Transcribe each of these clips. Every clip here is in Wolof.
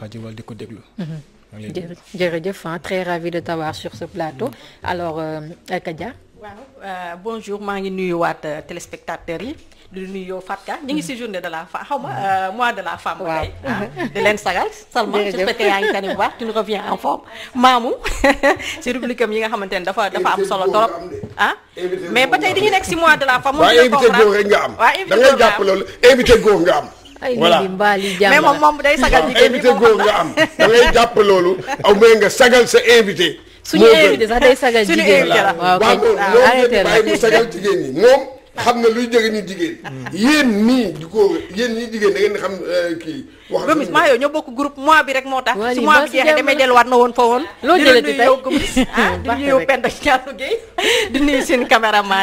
faji wal di ko déglu mm-hmm. jërëjëf très ravi de sur ce plateau mm-hmm. alors euh, euh, bonjour maa ngi nuyuwaat euh, téléspectateurs yi di nuyoo Fatka ñu ngi si mm-hmm. journée de la femme xaw euh, mois de la femme. waaw di leen sagal. Salma j'espère que yaa ngi tane bu baax tu reviens en forme. maamu si rubrique am yi nga xamante ne dafa dafa am solo trop. mais ba tey dañu nekk si mois de la femme. mu ngi rek nga am. voilà mais moom moom day sagal jigéen ñi moom invité góor nga am da ngay jàpp loolu aw may nga sagal sa invité. suñu invité sax day sagal jigéen la waaw kay arrêté la waaw loolu ah, sagal jigéen ñi moom. xam na luy jóge ni jigéen. yéen nii di ko yéen ñii jigéen da ngeen di xam euh, kii. wax gomis maa ñoo bokk groupe mois bi rek moo tax. su mois bi jeexee damay delluwaat na woon fa woon. loo jëlee di tey ah, di nuyu Penda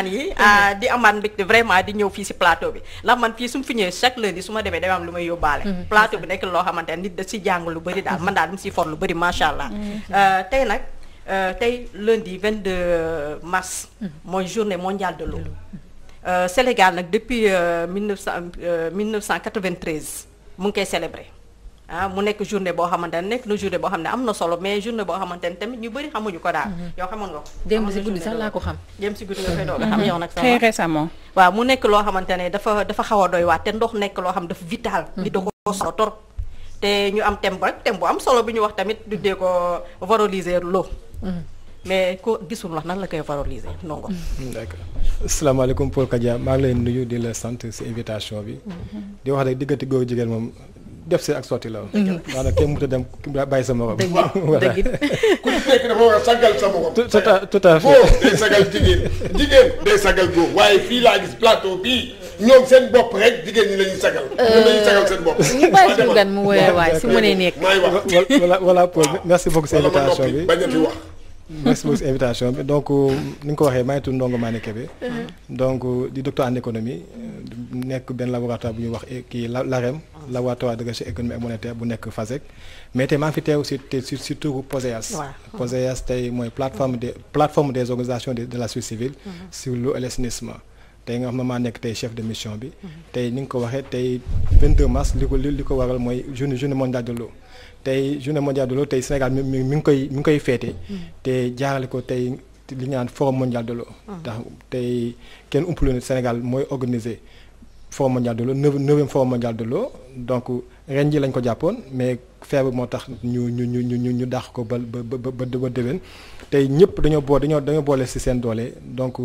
yi. Ah, di amaat mbégte vraiment di ñëw fii si plateau bi ndax man fii su fi ñëwee chaque lundi su ma demee damay am lu may yóbbaale. Mm-hmm. plateau bi nekk loo xamante ne nit da si jàng lu bëri daal mm-hmm. man daal mu si for lu bëri macha allah. Mm-hmm. Euh, tey nag euh, tey vingt de mars. mooy journée mondiale de l'eau Euh, Sénégal nag depuis euh, mille neuf cent euh, mille neuf cent quatre-vingt-treize mu ngi koy célébrer ah mu nekk journée boo xamante ne nekk na journée boo xam ne am na solo mais journée boo xamante ne tamit ñu bëri xamuñu ko daal. Mhm. yow xamoon nga ko. xam. démb si guddi nga koy doog a xam mhm. waaw mu nekk loo xamante ne dafa dafa xaw a doy waat te ndox nekk loo xam dafa vital. Mhm. nit da ko solo torop te ñu am thème bu rek thème bu am solo bi ñu wax tamit du duddee ko valoriser l'eau. mais ko gisul wax nan la koy valoriser ndongo. d'accord asalaamaaleykum Paul Kadia maa ngi lay nuyu di la sant si invitation bi. di wax rek diggante góor jigéen moom def si ak sotti la. Mm-hmm. maanaam kenn mënut a dem bàyyi sa morom. dëgg dëgg ku ci nekk dafa war a sagal sa morom. tout à tout à fait góor day sagal jigéen jigéen day sagal góor waaye fii laa gis plateau bii ñoom seen bopp rek jigéen ñi la ñuy sagal. Euh, ñoom la ñuy sagal seen bopp. ñu bàyyi suñu gan mu wéyal waay su mënee nekk. maay wax voilà voilà Paul merci beaucoup si invitation bi bañ a fi wax. merci beaucoup si invitation bi donc euh, ni nga ko waxee maa ngi tudd Ndongo Mané Kébé mhm. donc euh, di docteur en économie euh, nekk benn laboratoire bu ñuy wax eh, kii l'AREM laboratoire de recherche économique et monétaire bu nekk FASEC mais tey maa fi tey mooy plateforme des plateforme des organisations de la société civile mhm. sur l'eau et l'assainissement tey nga xam ne maa nekk tey chef de mission bi mhm. tey ni nga ko waxee tey mars li ko li ko waral mooy journée journée mondiale de l'eau tey journée mondiale de l'eau tey Sénégal mi mi ngi koy mi ngi koy feete mm. te jaarale ko tey li ñu naan forum mondial de l'eau ah. ndax tey kenn umpale ne Sénégal mooy organiser forum mondial de l'eau neuvième forum mondial de l'eau donc ren ji lañ ko jàppoon mais feebar moo tax ñu ñu ñu ñu ñu dàq ko ba ba ba ba déwén tey ñëpp dañoo boole dañoo dañoo boole si seen doole donc.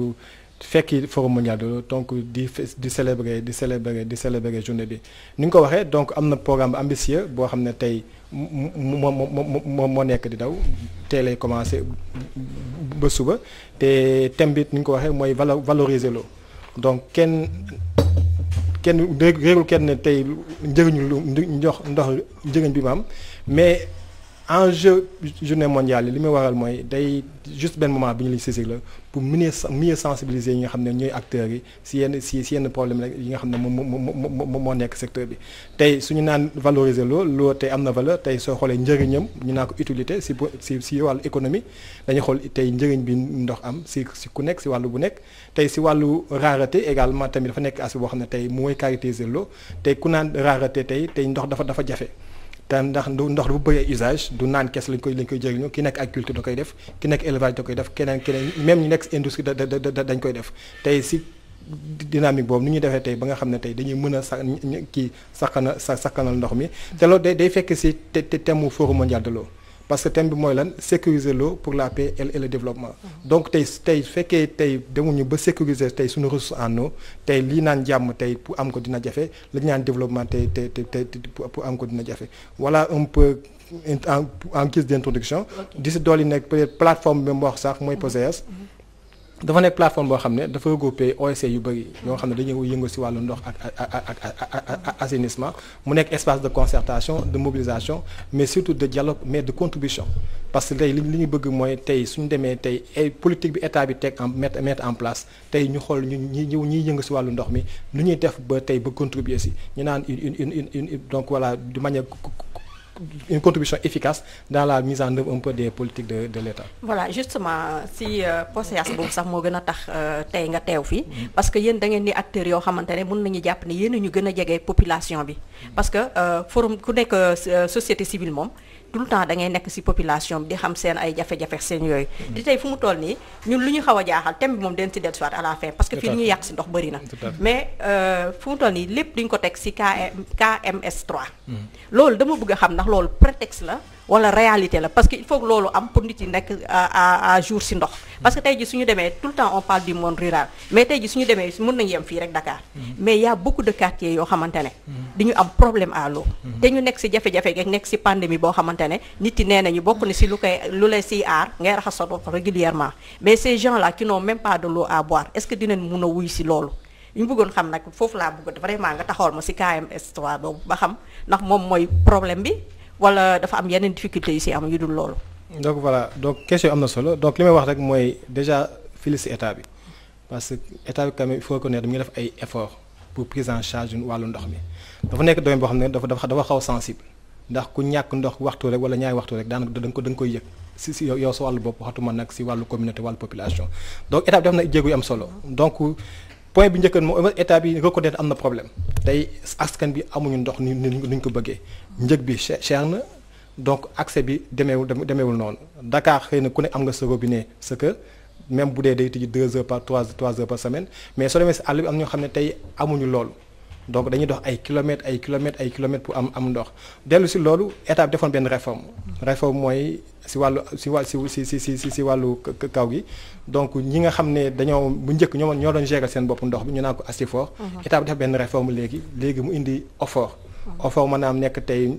fekk forum mondial de donc di di célébrer di célébrer di célébrer journée bi ni nga ko waxee donc am na programme ambitieux boo xam ne tey moo moo moo nekk di daw tey lay commencé ba suba te thème bi ni nga ko waxee mooy valoriser loo donc kenn kenn réerul kenn tey njëriñu lu ndox ndox njëriñ bi ma mais enjeu journée mondiale yi li muy waral mooy day juste benn moment bu ñu lay saisir la pour mieux mieux sensibiliser ñi nga xam ne ñooy acteurs yi si yenn si si yenn problème yi nga xam ne moom moom moo nekk secteur bi tey su ñu naan valoriser loo loo tey am na valeur tey soo xoolee njëriñam ñu naa ko utilité si si si wàllu économie dañuy xool tey njëriñ bi ndox am si ku nekk si wàllu bu nekk tey si wàllu rareté également tamit dafa nekk as boo xam ne tey mooy caractériser loo tey ku naan rareté tey tey ndox dafa dafa jafe te ndax du ndox bu bëri ay usage du naan kes lañ koy lañ koy jëriñoo ki nekk agriculture da koy def ki nekk élevage da koy def keneen keneen même ñu nekk industrie da da dañ koy def tey si dynamique boobu nu ñu defee tey ba nga xam ne tey dañuy mën a sa kii saqana sa saqanal ndox mi te loolu day day fekk si te te temu forum mondial de l'eau parce que thème bi mooy lan sécuriser l'eau pour la paix et le développement mm-hmm. donc tey tey fekkee tey demuñu ba sécuriser tey suñu ressource en eau tey lii naan jàmm tey pour am ko dina jafe la ñu naan développement tey tey tey pour am ko dina jafe voilà un peu en en guise d'introduction di si dool yi nekk peut-être plateforme bi mu wax sax mooy POSES e dafa nekk plateforme boo xam ne dafa regroupé OSC yu bëri ñoo xam ne dañoo yëngu si wàllu ndox ak ak mu nekk espace de concertation de mobilisation mais surtout de dialogue mais de contribution parce que tey li li ñu bëgg mooy tey suñu demee tey politique bi état bi teg en mettre mettre en place tey ñu xool ñu ñu ñuy yëngu si wàllu ndox mi nu ñuy def ba tey ba contribuer si ñu naan une une une donc voilà de manière une contribution efficace dans la mise en œuvre un peu de de l'État. voilà justement si euh, POSEAS boobu sax moo gën a tax euh, tey nga teew fii parce que yéen da ngeen ni acteurs yoo xamante ne mën nañu jàpp ni yéen ñu gën a jege population bi parce que euh, forum ku nekk société civile moom. tout temps da ngay nekk ci population bi di xam seen ay jafe-jafe seen yooyu di tey fu mu toll nii ñun lu ñu xaw a jaaxal thème bi moom den ci soit à la fin parce que fii li ñuy yàq ci ndox bëri na mais euh, fu mu toll nii lépp duñ ko teg ci KMS 3 hmm. loolu dama bëgg a xam ndax loolu prétexte la walla réalité la parce que il faut loolu am pour nit yi nekk à jour si ndox parce que tey ji suñu demee tout le temps on parle du monde rural mais tey ji suñu demee mën nañu yem fii rek Dakar mm-hmm. mais y a beaucoup de quartiers yoo xamante ne mm-hmm. ñu am problème à mm-hmm. te ñu nekk si jafe-jafe geeg nekk si pandémie boo xamante ne nit yi nee nañu bokk na si lu koy lu lay siy aar ngay raxas sa bopp régulièrement mais ces gens là qui n'ont même pas de l'eau à est-ce que dinañ mun a wuy si loolu ñu bëggoon xam nag foofu laa bëgg vraiment nga taxawal ma si KMS 3 boobu ba xam ndax moom mooy problème bi wala dafa am yeneen difficultés yu si am yu dul loolu donc voilà donc question am na solo donc li may wax rek mooy déjà féliciter état bi parce que état bi quand même il faut reconnaître mu ngi def ay efforts pour prise en charge wàllu ndox mi dafa nekk domaine boo xam ne dafa dafa dafa xaw sensible ndax ku ñàkk ndox waxtu rek wala ñaari waxtu rek daanaka da nga ko da nga koy yëg si si yow sa wàllu bopp waxatuma nag si wàllu communauté wàllu population donc état bi def na jéego am solo donc point bi njëkkan moom état bi reconnaître am na problème tey askan bi amuñu ndox ni ni ñu ko bëggee njëg bi cher na donc accès bi demeewul demeewul noonu Dakar xëy na ku ne am nga sa robinet sa kër même bu dee day tijji deux heures par trois trois heures par semaine mais soo demee si àll bi am ñoo xam ne tey amuñu loolu donc dañuy dox ay kilomètres ay kilomètres ay kilomètres pour am am ndox dellu si loolu état bi defoon benn réforme réforme mooy si wàllu si wàll si si si si si wàllu kaw gi donc ñi nga xam ne dañoo bu njëkk ñoo ñoo doon gérer seen bopp ndox bi ñu naan ko Asifor mhm. état bi mu indi OFOR mhm. OFOR maanaam nekk tey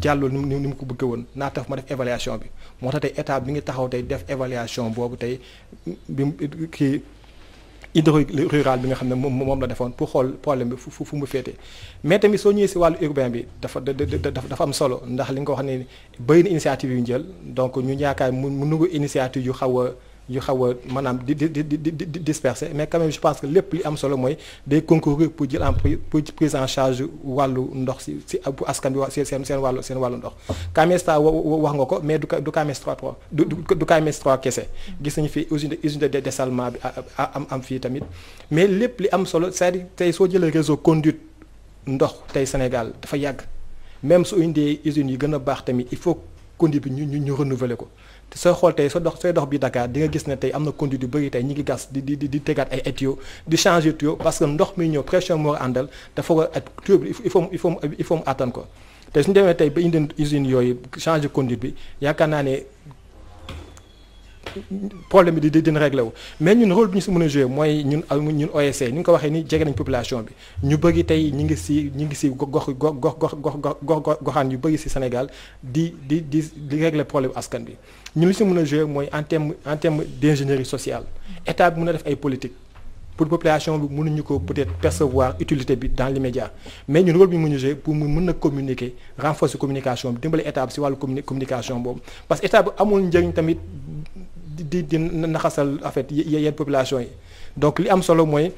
jàllul ni mu ni mu ko bëgg woon naa tax ma def évaluation bi moo tax tey état bi ngi taxaw tey def évaluation boobu tey bi kii hydro rural bi nga xam ne moom moom la defoon pour xool problème bi fu fu mu féete mais mi soo ñëwee si wàllu urbain bi dafa dafa am solo ndax li nga ko wax ne bëy na initiative yu ñu jël donc ñu yaakaar mu mu nungu initiative yu xaw a yu xaw a maanaam di di di di di mais quand même je pense que lépp li am solo mooy day concourir pour jël en pour prise en charge wàllu ndox si si askan bi wax nga ko mais du du Camesta 3 du du Camesta 3 kese. gis nañu fi usine usine de dessalement bi am am fii tamit mais lépp li am solo c'est-à-dire tey soo jëlee réseau conduite ndox tey Sénégal dafa yàgg même su indee usines yi gën a baax tamit il faut. conduite bi ñu ñu ñu renouveler ko soo xool tey soo dox sooy dox bi Dakar di gis ne tey am na conduite yu bëri tey ñi ngi gas di di di tegaat ay tuyaux di changer tuyaux parce ndox mi ñëw pression moo àndal dafa war a tuyau bi il faut il faut il faut mu ko te suñu demee tey ba indi usine yooyu changer conduite bi yaakaar naa ne. problème bi di dina réglé wu mais ñun rôle bi ñu si mën a joué mooy ñun ñun OSC e, ni nga ko waxee ni jege nañ population bi ñu bëri tey ñi ngi si ñi ngi si gox gox gox gox gox goxaan yu bëri si Sénégal di di di di réglé problème askan bi ñun li si mën a joué mooy en terme en terme d' ingénierie sociale état bi mën a def ay politique pour population bi mënuñu ko peut-être percevoir utilité bi dans l'immédiat mais ñun rôle bi mu ñu jouer pour mu mën a communiquer renforcer communication bi dimbali état bi si wàllu communication boobu di di naxasal en fait population yi donc li am solo mooy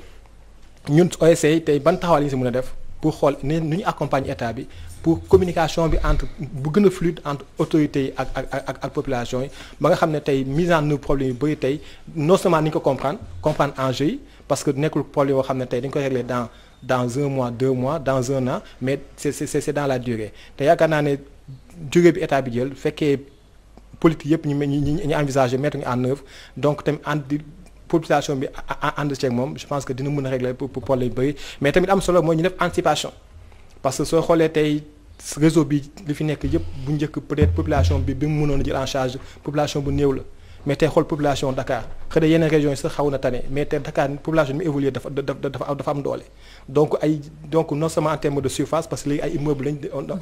ñun OSC tey ban taxawal yi si mën a def pour xool ni ñu accompagne état bi pour communication bi entre bu gën a fluide entre autorités yi ak ak ak ak population yi ba nga xam ne tey mise en œuvre problème yu bëri tey non seulement ni ñu ko comprendre comprendre enjeu yi parce que nekkul problème yoo xam ne tey dañ koy régler dans dans un mois deux mois dans un an mais c'est c'est dans la durée te yaakaar naa ne durée bi état bi jël fekkee. politique yëpp ñu ñu ñu envisagé mettre ñu en œuvre donc tamit ànd di population bi ànd ceeg moom je pense que dina mën a régler pour problème yu bëri mais tamit am solo mooy ñu def anticipation parce que soo xoolee tey réseau bi li fi nekk yëpp bu njëkk peut-être population bi bi mu mënoon jël en charge population bu néew la mais tey xool population Dakar. xëy na yeneen régions yi sax xaw na tane mais te Dakar population bi évolué dafa dafa dafa am doole donc ay donc non seulement en terme de surface parce que léegi ay immeubles lañ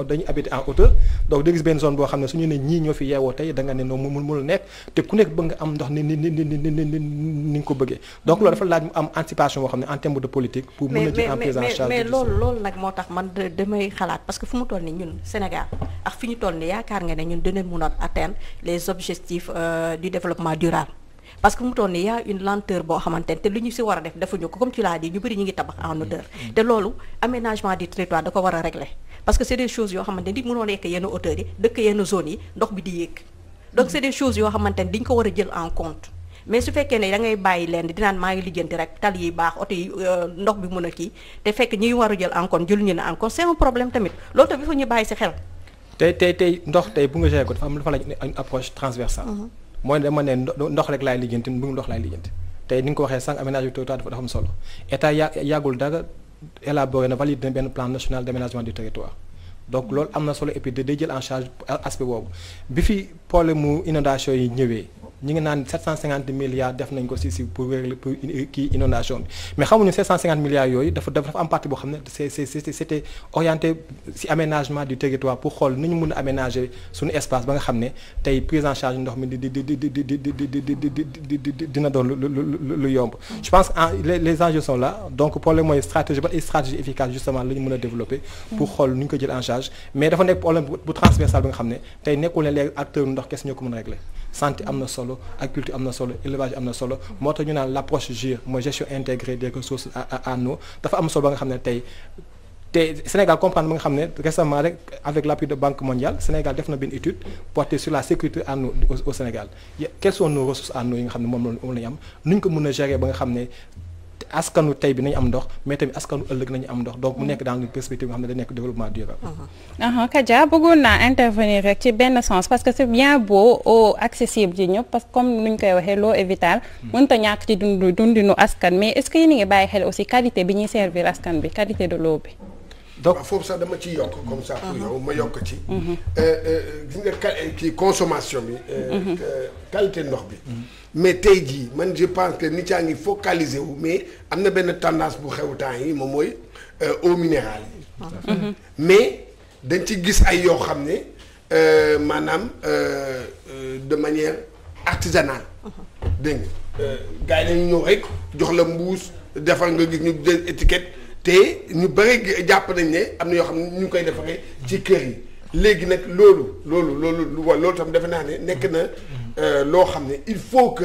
dañuy en hauteur donc da gis benn zone boo xam ne suñu ne ñii ñoo fi yeewoo tey da nga ne noonu mu mënul nekk te ku nekk bëgg nga am ndox ni ni ni ni ni nga ko bëggee donc loolu dafa laaj mu am anticipation boo xam ne en terme de politique pour mën a jël en prise en charge mais loolu loolu nag moo tax man damay xalaat parce que fu mu toll ni ñun Sénégal ak fi ni a atteindre les objectifs euh, du développement durable parce que mu toll nii y a une lenteur boo xamante ne te lu ñu si war a def defuñu ko comme tu l'as dit ñu bëri ñu ngi tabax en hauteur mm-hmm. Mm-hmm. te loolu aménagement du territoire da ko war a régler parce que c'est des choses yoo xamante ne nit mënoo nekk yenn hauteur yi dëkk yenn zones yi ndox bi di yéeg donc c'est des choses yoo xamante ne diñ ko war a jël en compte mais su fekkee ne da bàyyi leen di naan maa ngi lijjanti rek tal yi baax oto yi euh, ndox bi mën a war a jël en compte jël ñu ne en compte c'est un mooy dama ne ndox rek laay lijjanti mbirum ndox laay lijjanti tey ni nga ko waxee sànq aménage du territoire dafa am solo état ya yàggul dara élaboré na valide na benn plan national d' aménagement du territoire donc loolu am na solo et puis day jël en charge aspect boobu bi fi problème mu inondation yi ñëwee ñi ngi naan 750 milliards def nañ ko si si pour pour kii inondation bi mais xamuñu 750 milliards yooyu dafa dafa am partie boo xam ne c'est c'est pour xool nu ñu mun a aménager suñu espace ba nga xam ne tey prise en charge ndox mi di di di di di di di di dina doon lu lu yomb. je pense les les enjeux sont donc problème mooy stratégie ba stratégie efficace justement la ñu mën a développer. pour xool nu ñu ko jël en charge mais dafa nekk problème bu transversal bi nga xam ne tey nekkul ne léegi acteur ndox kese ñoo ko mën a régler santé am na solo. solo agriculture am na solo élevage am na solo moo tax ñu naan l'approche GIR mooy gestion intégrée des ressources à à eau dafa am solo ba nga xam ne tey te Sénégal comprendre ba nga xam ne récemment rek avec la de Banque mondiale Sénégal def na benn étude portée sur la sécurité en eau au Sénégal quelles sont nos ressources en eau yi nga xam ne moom la moom am nu ñu ko mën a gérer ba nga xam ne. askanu tey bi nañu am ndox mais tamit askanu ëllëg nañu am ndox donc mu nekk dans une perspective nga xam ne day nekk développement durable. Uh-huh. Uh-huh. rek ci benn sens parce que c'est bien beau eau accessible ci ñëpp parce que comme nuñ koy waxee loo est vitale. Hmm. mënut a ñàkk ci dundu dundinu askan mais est-ce que yéen ngi bàyyi xel aussi qualité bi ñuy servir askan bi qualité de l'eau bi. donc foofu sax dama ciy yokk comme ça uh-huh. ma yokk ci euh, euh, gis bi euh, qualité ndox bi hmm. mais tey jii man je pense nit yaa ngi focaliser wu mais am na benn tendance bu xew temps yi moom mooy euh, eau minérale yi. Ah. Mm-hmm. mais dañ ci gis ay yoo xam ne euh, maanaam euh, de manière artisanale. Uh-huh. dégg nga gars yi dañu ñëw rek jox la mbuus defal nga gis ñu jël étiquette te ñu bëri jàpp nañ ne am na yoo xam ne ñu ngi koy defaree ci kër yi. léegi nag loolu loolu loolu loolu tam defe naa ne nekk na mm-hmm. euh, loo xam ne il faut que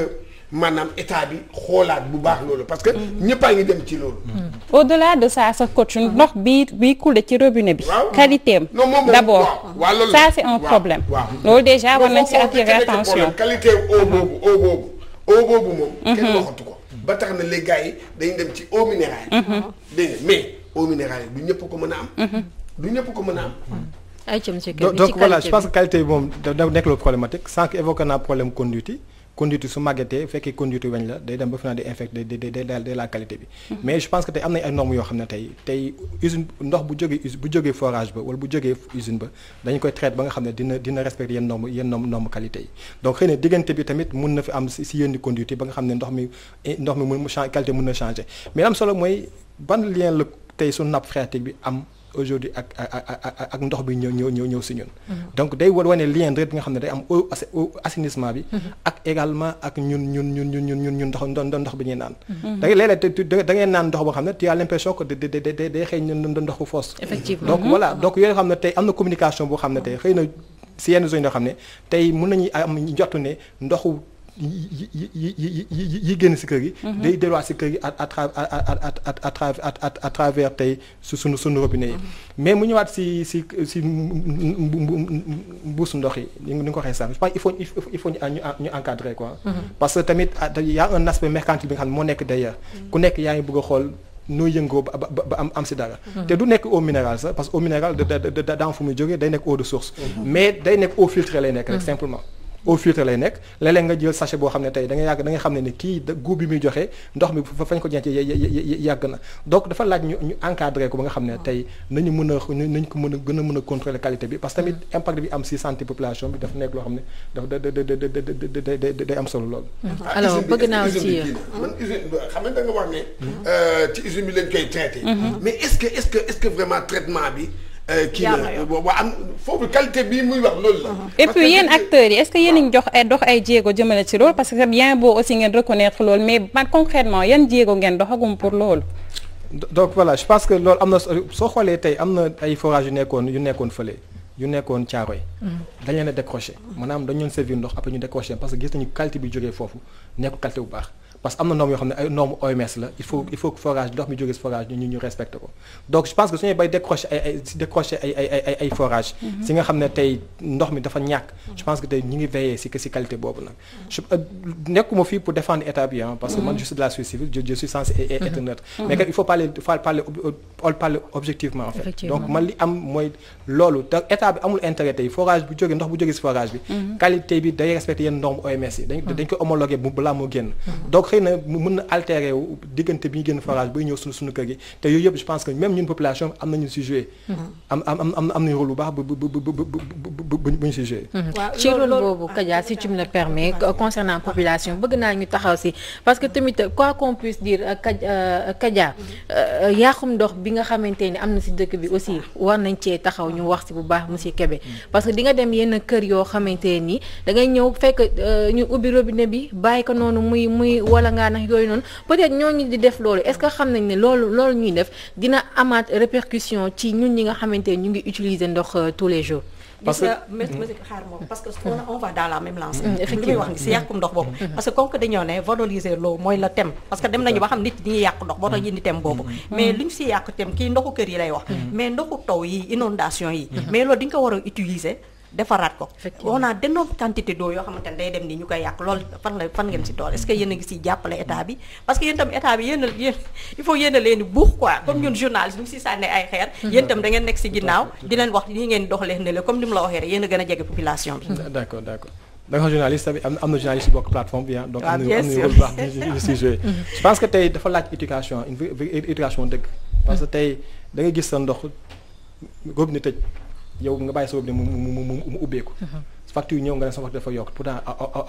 maanaam état bi xoolaat bu baax loolu parce que mm-hmm. ñëpp ngi dem ci loolu mm-hmm. au delà de ça sa coach ndox bi bi coulé ci robinet bi qualité am d'abord waaw loolu ça c'est un problème loolu déjà war nañ si attirer attention qualité eau boobu eau boobu moom kenn waxatu ko ba tax na les yi dañu dem ci eau minérale dégg nga mais eau minérale du ñëpp ko mën a am du ñëpp ko mën a am donc voilà je pense que qualité bi moom da nekk loolu problématique sànq évoqué naa problème conduite yi conduite yi su fekkee conduite weñ la day dem ba final di infecté day day day la qualité bi mm-hmm. mais je pense que tey am nañ ay normes yoo xam ne tey usine ndox bu jógee forage ba wala bu jógee usine ba dañ koy traité ba nga xam ne dina dina respecté yenn normes yenn normes normes qualité yi donc xëy na diggante bi tamit mun na fi am si yenn conduite yi ba nga xam ne ndox mi eh, ndox mi mun qualité mun na changé mais am solo bi am aujourd'hui ak ak ndox bi ñëw ñëw ñëw ñëw si ñun mm-hmm. donc day war wane lien direct bi nga xam ne day am eau assainissement bi mm-hmm. ak également ak ñun ñun ñun ñun ñun ñun ñun ndox ndox bi ñuy naan mm-hmm. da ngay léeg-léeg naan ndox boo xam ne tu as l'impression que day day xëy ndox bu donc voilà donc yooyu xam ne tey am na communication boo xam ne tey xëy na si yenn zone yoo xam ne tey mën nañu am njottu ne ndoxu yi yi yi yi yi génn si kër gi. day delluwaat si kër gi à à tey su sunu sunu robinet yi. mais mu ñëwaat si si si mbuusu ndox yi ni nga ko waxee sànq je pense il faut il faut ñu ñu encadrer quoi. parce que tamit y a un aspect mercantile bi nga xam ne moo nekk derrière. ku nekk yaa ngi bëgg a xool. noo yëngoo ba am am si dara. te du nekk eau minérale sax parce que eau minérale da da da daa fu muy jógee day nekk eau de source. mais day nekk eau filtrée lay nekk rek simplement. au filtre lay nekk léeg nga jël sachet boo xam ne tey da yàgg da nga xam ne ni kii goût bi muy joxe ndox mi fañ ko jence yàgg na donc dafa laaj ñu ñu ko ba nga xam ne tey nañu mën a nañ ko a gën a mën a contrôler mm-hmm. xam ne dafa wax ne. Mm-hmm. Euh, ci usine bi lañ koy traité. Mm-hmm. mais est-ce que vraiment traitement bi. Euh, kii la waa am foofu qualité bii muy wax loolu la. Uh-huh. et puis yéen yi est-ce que ay dox ay jéego jëmale ci loolu parce que bien beau aussi ngeen reconnaître loolu mais man concrètement yan jéego ngeen doxagum pour loolu. donc voilà je pense que loolu am na soo xoolee tey am na ay forages yu nekkoon yu nekkoon fële. yu nekkoon caaroy uh-huh. dañ leen a décroché maanaam dañ leen servir ndox après ñu décroché parce que gis nañu qualité bi jógee foofu parce que am na norme yoo xam ne ay norme OMS la il faut il faut que forage ndox mi jógee forage nga xam ne tey ndox mi dafa ñàkk je pense que tey ñu ngi veillé si si qualité boobu nag je euh, nekkuma fii pour défendre état bi parce que man mhm. je suis de la en fait donc man loolu te état bi amul intérêt forage bu jógee ndox bu jógee si forage bi mhm. qualité bi day respecté yenn norme OMS yi dañ mhm. dañ ko homologué bu balaa moo génn xëy na mën na altéré wu diggante bi ñu génn forage bay ñëw suñu suñu kër yi te yooyu yëpp je pense que même ñun population am nañu si joué. am am am am nañu rôle si joué. Hmm. ci rôle boobu Kadia si tu me le permets concernant population bëgg naa ñu taxaw si parce que tamit quoi qu'on puisse dire euh, euh, Kadia mm-hmm. euh, yaaxum ndox bi nga xamante ni am na si dëkk bi aussi war nañ cee taxaw ñu wax si bu baax monsieur Kébé mm-hmm. parce que di nga dem yenn kër yoo xamante ni da ñëw la ngaa nax yooyu noonu peut-être ñooñu di def loolu est-ce que xam nañ ne loolu ñuy def dina amaat répercussion ci ñun ñi nga xamante ñu ngi utiliser ndox euh, tous les jours. parce que gis nga mm-hmm. xaar moom parce mm-hmm, si yàqum ndox boobu. Mm-hmm. parce que comme dañoo ne valoriser l'eau mooy la thème. parce que dem nañu ba xam nit ñi yàq ndox boo tax boobu. mais li ñu si yàq thème kii ndoxu kër yi lay wax. mais ndoxu taw yi inondation yi. mais loolu di war a utiliser. defaraat ko on a quantité d'eau yoo xamante ni ñu koy yàq loolu fan la fan ngeen si tool est-ce que yéen a ngi siy jàppale état bi parce que yéen tam état bi yéen a il faut yéen leen buux quoi comme ñun journaliste ñu ngi siy ay xeer mm-hmm. yéen tam da ngeen nekk si ginnaaw di leen wax nii ngeen doxalee ne la comme ni mu la waxee rek yéen gën a jege population bi d'accord d'accord da nga xam journaliste bokk plateforme bi ah. donc ah, am mm-hmm. que tey dafa yow nga bàyyi sa web ne mu mu mu ubbeeku. Uh-huh. facture ñëw nga ne sa facture dafa yokk pourtant